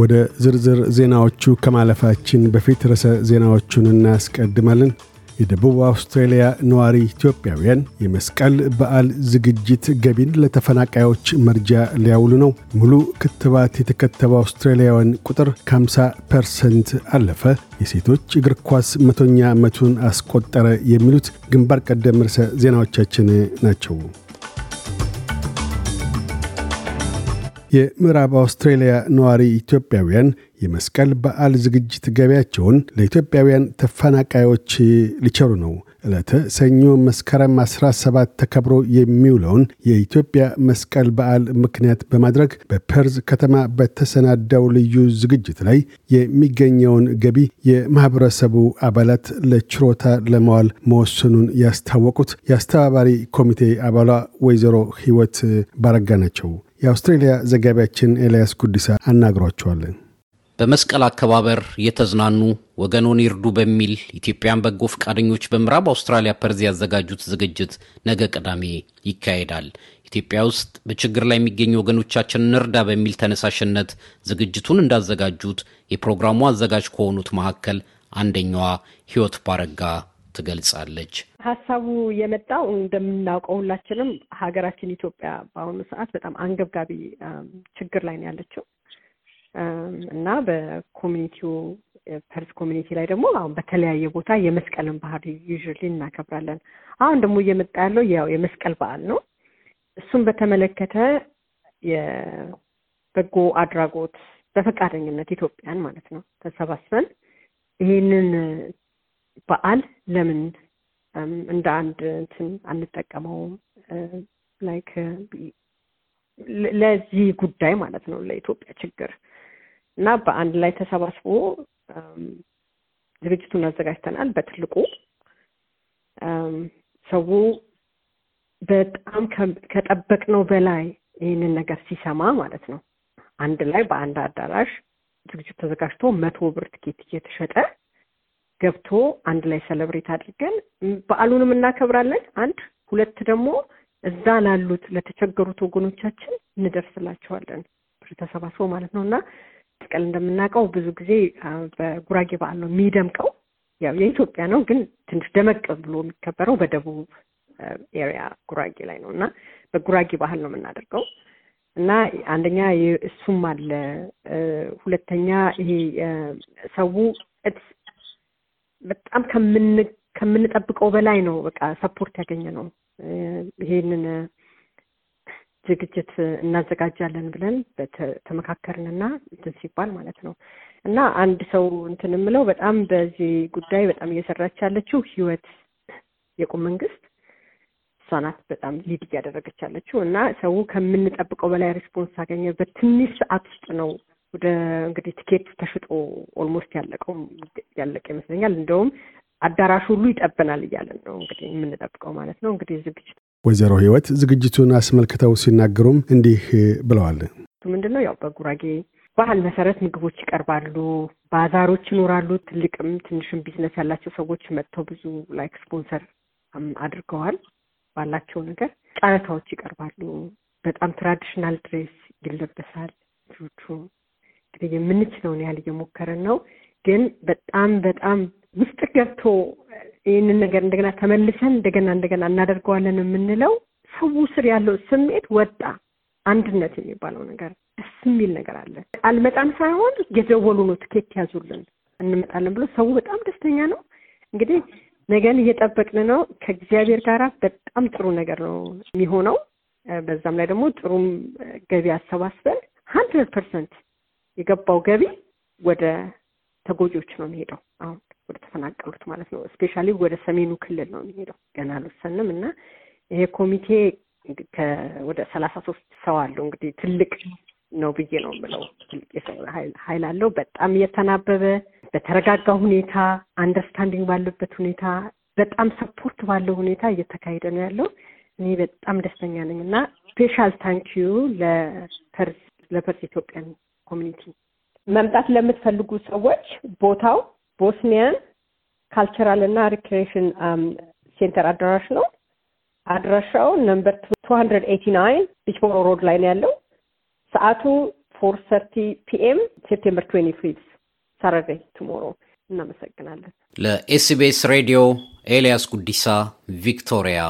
ወደ ዝርዝር ዜናዎቹ ከማለፋችን በፊት ረዕሰ ዜናዎቹን እናስቀድማለን። የደቡብ አውስትራሊያ ነዋሪ ኢትዮጵያውያን የመስቀል በዓል ዝግጅት ገቢን ለተፈናቃዮች መርጃ ሊያውሉ ነው። ሙሉ ክትባት የተከተበ አውስትራሊያውያን ቁጥር ከ50 ፐርሰንት አለፈ። የሴቶች እግር ኳስ መቶኛ ዓመቱን አስቆጠረ። የሚሉት ግንባር ቀደም ርዕሰ ዜናዎቻችን ናቸው። የምዕራብ አውስትሬልያ ነዋሪ ኢትዮጵያውያን የመስቀል በዓል ዝግጅት ገቢያቸውን ለኢትዮጵያውያን ተፈናቃዮች ሊቸሩ ነው። ዕለተ ሰኞ መስከረም 17 ተከብሮ የሚውለውን የኢትዮጵያ መስቀል በዓል ምክንያት በማድረግ በፐርዝ ከተማ በተሰናዳው ልዩ ዝግጅት ላይ የሚገኘውን ገቢ የማኅበረሰቡ አባላት ለችሮታ ለማዋል መወሰኑን ያስታወቁት የአስተባባሪ ኮሚቴ አባሏ ወይዘሮ ህይወት ባረጋ ናቸው። የአውስትሬልያ ዘጋቢያችን ኤልያስ ጉዲሳ አናግሯቸዋለን። በመስቀል አከባበር የተዝናኑ ወገኖን ይርዱ በሚል ኢትዮጵያን በጎ ፈቃደኞች በምዕራብ አውስትራሊያ ፐርዝ ያዘጋጁት ዝግጅት ነገ ቅዳሜ ይካሄዳል። ኢትዮጵያ ውስጥ በችግር ላይ የሚገኙ ወገኖቻችን እርዳ በሚል ተነሳሽነት ዝግጅቱን እንዳዘጋጁት የፕሮግራሙ አዘጋጅ ከሆኑት መካከል አንደኛዋ ሕይወት ባረጋ ትገልጻለች። ሀሳቡ የመጣው እንደምናውቀው ሁላችንም ሀገራችን ኢትዮጵያ በአሁኑ ሰዓት በጣም አንገብጋቢ ችግር ላይ ነው ያለችው እና በኮሚኒቲው ፐርስ ኮሚኒቲ ላይ ደግሞ አሁን በተለያየ ቦታ የመስቀልን ባህል ዩዥሊ እናከብራለን። አሁን ደግሞ እየመጣ ያለው ያው የመስቀል በዓል ነው። እሱን በተመለከተ የበጎ አድራጎት በፈቃደኝነት ኢትዮጵያን ማለት ነው ተሰባስበን ይህንን በዓል ለምን እንደ አንድ እንትን አንጠቀመውም። ላይክ ለዚህ ጉዳይ ማለት ነው ለኢትዮጵያ ችግር እና በአንድ ላይ ተሰባስቦ ዝግጅቱን አዘጋጅተናል። በትልቁ ሰው በጣም ከጠበቅነው በላይ ይህንን ነገር ሲሰማ ማለት ነው አንድ ላይ በአንድ አዳራሽ ዝግጅት ተዘጋጅቶ መቶ ብር ትኬት እየተሸጠ ገብቶ አንድ ላይ ሰለብሬት አድርገን በዓሉንም እናከብራለን። አንድ ሁለት ደግሞ እዛ ላሉት ለተቸገሩት ወገኖቻችን እንደርስላቸዋለን። ብር ተሰባስቦ ማለት ነው እና መስቀል እንደምናውቀው ብዙ ጊዜ በጉራጌ በዓል ነው የሚደምቀው። ያው የኢትዮጵያ ነው ግን ትንሽ ደመቅ ብሎ የሚከበረው በደቡብ ኤሪያ ጉራጌ ላይ ነው እና በጉራጌ ባህል ነው የምናደርገው እና አንደኛ እሱም አለ። ሁለተኛ ይሄ ሰው በጣም ከምንጠብቀው በላይ ነው። በቃ ሰፖርት ያገኘ ነው። ይሄንን ዝግጅት እናዘጋጃለን ብለን ተመካከርንና እንትን ሲባል ማለት ነው። እና አንድ ሰው እንትን የምለው በጣም በዚህ ጉዳይ በጣም እየሰራች ያለችው ህይወት የቁም መንግስት እሷ ናት በጣም ሊድ እያደረገች ያለችው እና ሰው ከምንጠብቀው በላይ ሪስፖንስ አገኘ። በትንሽ ሰዓት ውስጥ ነው ወደ እንግዲህ ቲኬት ተሽጦ ኦልሞስት ያለቀው ያለቀ ይመስለኛል። እንደውም አዳራሹ ሁሉ ይጠብናል እያለን ነው እንግዲህ የምንጠብቀው ማለት ነው። እንግዲህ ዝግጅት ወይዘሮ ህይወት ዝግጅቱን አስመልክተው ሲናገሩም እንዲህ ብለዋል። ምንድን ነው ያው በጉራጌ ባህል መሰረት ምግቦች ይቀርባሉ፣ ባዛሮች ይኖራሉ። ትልቅም ትንሽም ቢዝነስ ያላቸው ሰዎች መጥተው ብዙ ላይክ ስፖንሰር አድርገዋል ባላቸው ነገር ጨረታዎች ይቀርባሉ። በጣም ትራዲሽናል ድሬስ ይለበሳል። የምንችለውን ያህል እየሞከረን ነው። ግን በጣም በጣም ውስጥ ገብቶ ይህንን ነገር እንደገና ተመልሰን እንደገና እንደገና እናደርገዋለን የምንለው ሰው ስር ያለው ስሜት ወጣ። አንድነት የሚባለው ነገር ደስ የሚል ነገር አለ። አልመጣም ሳይሆን የደወሉ ነው ትኬት ያዙልን እንመጣለን ብሎ ሰው በጣም ደስተኛ ነው። እንግዲህ ነገን እየጠበቅን ነው። ከእግዚአብሔር ጋር በጣም ጥሩ ነገር ነው የሚሆነው። በዛም ላይ ደግሞ ጥሩም ገቢ አሰባስበን ሀንድረድ ፐርሰንት የገባው ገቢ ወደ ተጎጂዎች ነው የሚሄደው። አሁን ወደ ተፈናቀሉት ማለት ነው። እስፔሻሊ ወደ ሰሜኑ ክልል ነው የሚሄደው። ገና አልወሰንም እና ይሄ ኮሚቴ ወደ ሰላሳ ሶስት ሰው አለው እንግዲህ ትልቅ ነው ብዬ ነው የምለው። ትልቅ የሰው ኃይል አለው። በጣም እየተናበበ በተረጋጋ ሁኔታ አንደርስታንዲንግ ባለበት ሁኔታ በጣም ሰፖርት ባለው ሁኔታ እየተካሄደ ነው ያለው። እኔ በጣም ደስተኛ ነኝ እና ስፔሻል ታንኪዩ ለፐርስ ለፐርስ ኢትዮጵያን ኮሚኒቲ መምጣት ለምትፈልጉ ሰዎች ቦታው ቦስኒያን ካልቸራል እና ሪክሬሽን um, ሴንተር አዳራሽ ነው። አድራሻው ነምበር ቱ ሀንድረድ ኤይቲ ናይን ሮድ ላይ ነው ያለው። ሰዓቱ ፎር ሰርቲ ፒኤም ሴፕቴምበር ትዌንቲ ፊፍዝ ሳተርዴ ቱሞሮ። እናመሰግናለን። ለኤስቢኤስ ሬዲዮ ኤልያስ ጉዲሳ ቪክቶሪያ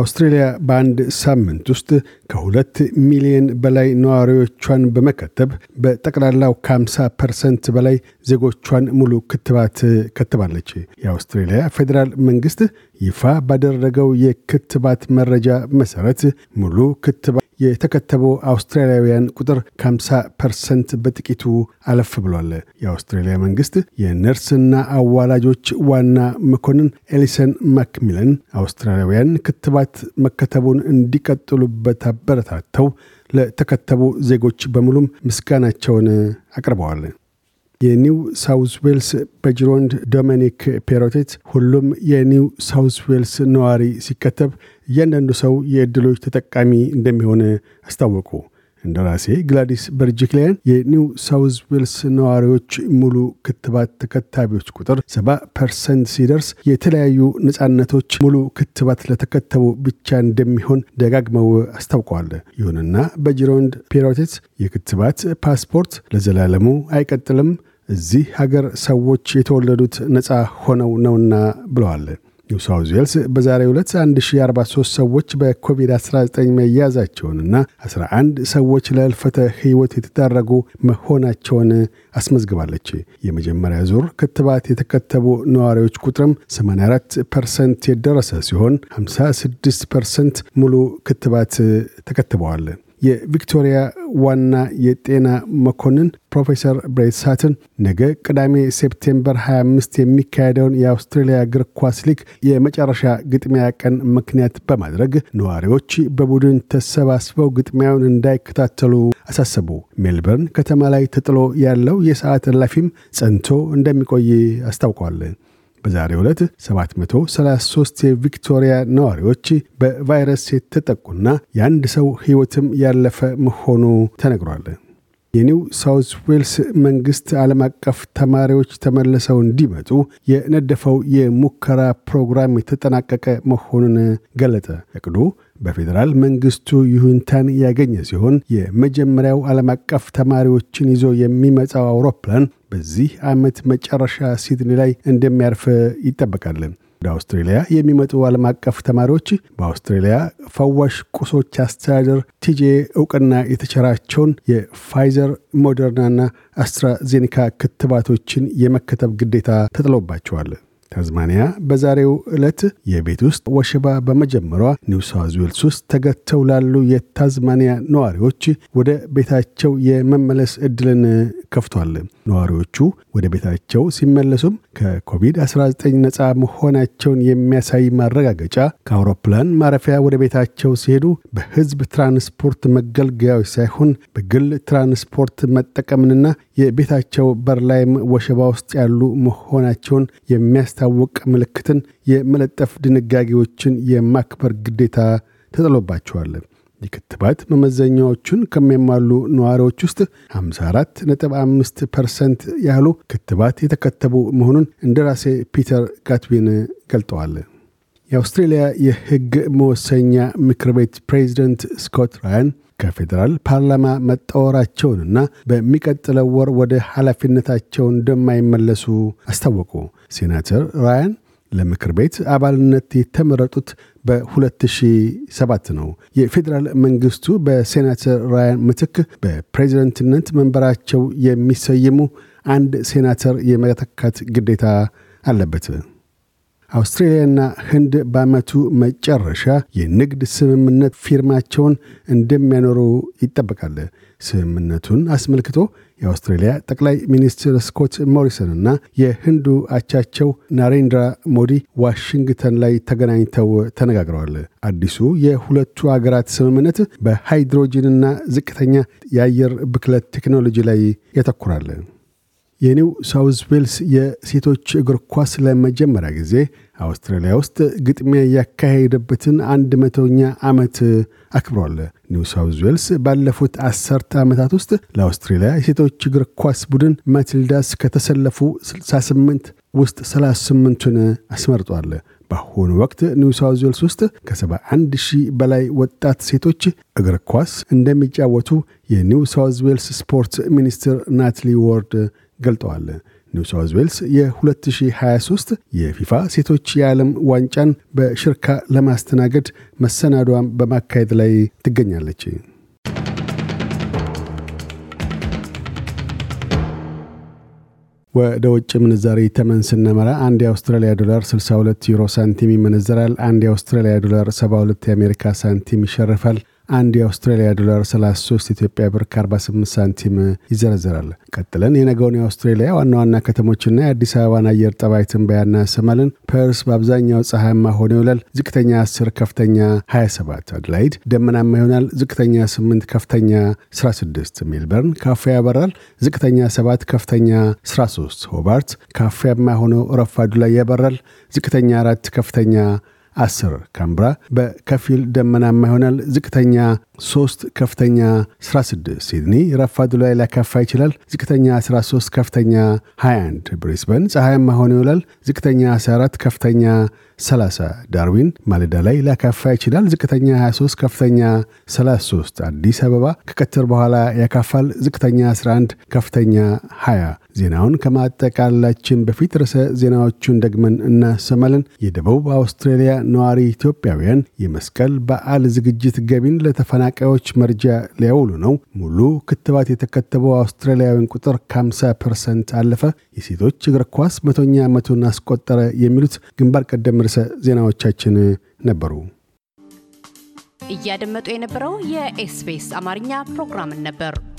አውስትሬልያ በአንድ ሳምንት ውስጥ ከሁለት ሚሊዮን በላይ ነዋሪዎቿን በመከተብ በጠቅላላው ከ50 ፐርሰንት በላይ ዜጎቿን ሙሉ ክትባት ከትባለች። የአውስትሬልያ ፌዴራል መንግስት ይፋ ባደረገው የክትባት መረጃ መሰረት ሙሉ ክትባት የተከተበው አውስትራሊያውያን ቁጥር ከ50 ፐርሰንት በጥቂቱ አለፍ ብሏል። የአውስትራሊያ መንግስት የነርስና አዋላጆች ዋና መኮንን ኤሊሰን ማክሚለን አውስትራሊያውያን ክትባት መከተቡን እንዲቀጥሉበት አበረታተው ለተከተቡ ዜጎች በሙሉም ምስጋናቸውን አቅርበዋል። የኒው ሳውዝ ዌልስ በጅሮንድ ዶሚኒክ ፔሮቴት ሁሉም የኒው ሳውዝ ዌልስ ነዋሪ ሲከተብ እያንዳንዱ ሰው የእድሎች ተጠቃሚ እንደሚሆን አስታወቁ። እንደራሴ ግላዲስ በርጅክሊያን የኒው ሳውዝ ዌልስ ነዋሪዎች ሙሉ ክትባት ተከታቢዎች ቁጥር 7% ፐርሰንት ሲደርስ የተለያዩ ነጻነቶች ሙሉ ክትባት ለተከተቡ ብቻ እንደሚሆን ደጋግመው አስታውቀዋል። ይሁንና በጅሮንድ ፒሮቴት የክትባት ፓስፖርት ለዘላለሙ አይቀጥልም፣ እዚህ ሀገር ሰዎች የተወለዱት ነፃ ሆነው ነውና ብለዋል። ኒው ሳውዝ ዌልስ በዛሬ ሁለት 1043 ሰዎች በኮቪድ-19 መያዛቸውንና 11 ሰዎች ለእልፈተ ህይወት የተዳረጉ መሆናቸውን አስመዝግባለች። የመጀመሪያ ዙር ክትባት የተከተቡ ነዋሪዎች ቁጥርም 84 ፐርሰንት የደረሰ ሲሆን 56 ፐርሰንት ሙሉ ክትባት ተከትበዋል። የቪክቶሪያ ዋና የጤና መኮንን ፕሮፌሰር ብሬትሳትን ነገ ቅዳሜ ሴፕቴምበር 25 የሚካሄደውን የአውስትሬልያ እግር ኳስ ሊግ የመጨረሻ ግጥሚያ ቀን ምክንያት በማድረግ ነዋሪዎች በቡድን ተሰባስበው ግጥሚያውን እንዳይከታተሉ አሳሰቡ። ሜልበርን ከተማ ላይ ተጥሎ ያለው የሰዓት እላፊም ጸንቶ እንደሚቆይ አስታውቋል። በዛሬ ዕለት 733 የቪክቶሪያ ነዋሪዎች በቫይረስ የተጠቁና የአንድ ሰው ሕይወትም ያለፈ መሆኑ ተነግሯል። የኒው ሳውዝ ዌልስ መንግሥት ዓለም አቀፍ ተማሪዎች ተመልሰው እንዲመጡ የነደፈው የሙከራ ፕሮግራም የተጠናቀቀ መሆኑን ገለጠ። እቅዱ በፌዴራል መንግስቱ ይሁንታን ያገኘ ሲሆን የመጀመሪያው ዓለም አቀፍ ተማሪዎችን ይዞ የሚመጣው አውሮፕላን በዚህ ዓመት መጨረሻ ሲድኒ ላይ እንደሚያርፍ ይጠበቃል። ወደ አውስትሬልያ የሚመጡ ዓለም አቀፍ ተማሪዎች በአውስትሬልያ ፈዋሽ ቁሶች አስተዳደር ቲጄ እውቅና የተቸራቸውን የፋይዘር ሞደርናና አስትራዜኒካ ክትባቶችን የመከተብ ግዴታ ተጥሎባቸዋል። ታዝማኒያ በዛሬው ዕለት የቤት ውስጥ ወሸባ በመጀመሯ ኒው ሳውዝ ዌልስ ውስጥ ተገተው ላሉ የታዝማኒያ ነዋሪዎች ወደ ቤታቸው የመመለስ እድልን ከፍቷል። ነዋሪዎቹ ወደ ቤታቸው ሲመለሱም ከኮቪድ-19 ነፃ መሆናቸውን የሚያሳይ ማረጋገጫ፣ ከአውሮፕላን ማረፊያ ወደ ቤታቸው ሲሄዱ በህዝብ ትራንስፖርት መገልገያዎች ሳይሆን በግል ትራንስፖርት መጠቀምንና የቤታቸው በር ላይም ወሸባ ውስጥ ያሉ መሆናቸውን የሚያስ የሚያስታውቅ ምልክትን የመለጠፍ ድንጋጌዎችን የማክበር ግዴታ ተጥሎባቸዋል። የክትባት መመዘኛዎቹን ከሚያሟሉ ነዋሪዎች ውስጥ 54.5 ፐርሰንት ያህሉ ክትባት የተከተቡ መሆኑን እንደ ራሴ ፒተር ጋትዊን ገልጠዋል። የአውስትሬልያ የህግ መወሰኛ ምክር ቤት ፕሬዚደንት ስኮት ራያን ከፌዴራል ፓርላማ መጣወራቸውንና በሚቀጥለው ወር ወደ ኃላፊነታቸው እንደማይመለሱ አስታወቁ። ሴናተር ራያን ለምክር ቤት አባልነት የተመረጡት በ2007 ነው። የፌዴራል መንግስቱ በሴናተር ራያን ምትክ በፕሬዚደንትነት መንበራቸው የሚሰይሙ አንድ ሴናተር የመተካት ግዴታ አለበት። አውስትራሊያና ህንድ በአመቱ መጨረሻ የንግድ ስምምነት ፊርማቸውን እንደሚያኖሩ ይጠበቃል። ስምምነቱን አስመልክቶ የአውስትሬልያ ጠቅላይ ሚኒስትር ስኮት ሞሪሰን እና የህንዱ አቻቸው ናሬንድራ ሞዲ ዋሽንግተን ላይ ተገናኝተው ተነጋግረዋል። አዲሱ የሁለቱ አገራት ስምምነት በሃይድሮጂንና ዝቅተኛ የአየር ብክለት ቴክኖሎጂ ላይ ያተኩራል። የኒው ሳውዝ ዌልስ የሴቶች እግር ኳስ ለመጀመሪያ ጊዜ አውስትራሊያ ውስጥ ግጥሚያ ያካሄደበትን አንድ መቶኛ ዓመት አክብሯል። ኒው ሳውዝ ዌልስ ባለፉት አሰርተ ዓመታት ውስጥ ለአውስትሬልያ የሴቶች እግር ኳስ ቡድን ማቲልዳስ ከተሰለፉ 68 ውስጥ 38ቱን አስመርጧል። በአሁኑ ወቅት ኒው ሳውዝ ዌልስ ውስጥ ከ71 ሺህ በላይ ወጣት ሴቶች እግር ኳስ እንደሚጫወቱ የኒው ሳውዝ ዌልስ ስፖርት ሚኒስትር ናትሊ ወርድ ገልጠዋል። ኒው ሳውዝ ዌልስ የ2023 የፊፋ ሴቶች የዓለም ዋንጫን በሽርካ ለማስተናገድ መሰናዷን በማካሄድ ላይ ትገኛለች። ወደ ውጭ ምንዛሪ ተመን ስነመራ አንድ የአውስትራሊያ ዶላር 62 ዩሮ ሳንቲም ይመነዘራል። አንድ የአውስትራሊያ ዶላር 72 የአሜሪካ ሳንቲም ይሸርፋል። አንድ የአውስትራሊያ ዶላር 33 ኢትዮጵያ ብር ከ48 ሳንቲም ይዘረዘራል። ቀጥለን የነገውን የአውስትሬሊያ ዋና ዋና ከተሞችና የአዲስ አበባን አየር ጠባይ ትንበያ እናሰማለን። ፐርስ በአብዛኛው ፀሐያማ ሆኖ ይውላል። ዝቅተኛ 10፣ ከፍተኛ 27። አድላይድ ደመናማ ይሆናል። ዝቅተኛ 8፣ ከፍተኛ 16። ሜልበርን ካፋ ያበራል። ዝቅተኛ 7፣ ከፍተኛ 13። ሆባርት ካፊያማ ሆኖ ረፋዱ ላይ ያበራል። ዝቅተኛ 4፣ ከፍተኛ 10 ካምብራ በከፊል ደመናማ ይሆናል። ዝቅተኛ 3 ከፍተኛ 16 ሲድኒ ረፋዱ ላይ ሊያካፋ ይችላል። ዝቅተኛ 13 ከፍተኛ 21 ብሪስበን ፀሐያማ ሆኖ ይውላል። ዝቅተኛ 14 ከፍተኛ 30 ዳርዊን ማልዳ ላይ ሊያካፋ ይችላል። ዝቅተኛ 23 ከፍተኛ 33 አዲስ አበባ ከቀትር በኋላ ያካፋል። ዝቅተኛ 11 ከፍተኛ 20 ዜናውን ከማጠቃላችን በፊት ርዕሰ ዜናዎቹን ደግመን እናሰማለን። የደቡብ አውስትሬልያ ነዋሪ ኢትዮጵያውያን የመስቀል በዓል ዝግጅት ገቢን ለተፈና ተፈናቃዮች መርጃ ሊያውሉ ነው። ሙሉ ክትባት የተከተበው አውስትራሊያውያን ቁጥር ከ50 ፐርሰንት አለፈ። የሴቶች እግር ኳስ መቶኛ ዓመቱን አስቆጠረ። የሚሉት ግንባር ቀደም ርዕሰ ዜናዎቻችን ነበሩ። እያደመጡ የነበረው የኤስቢኤስ አማርኛ ፕሮግራምን ነበር።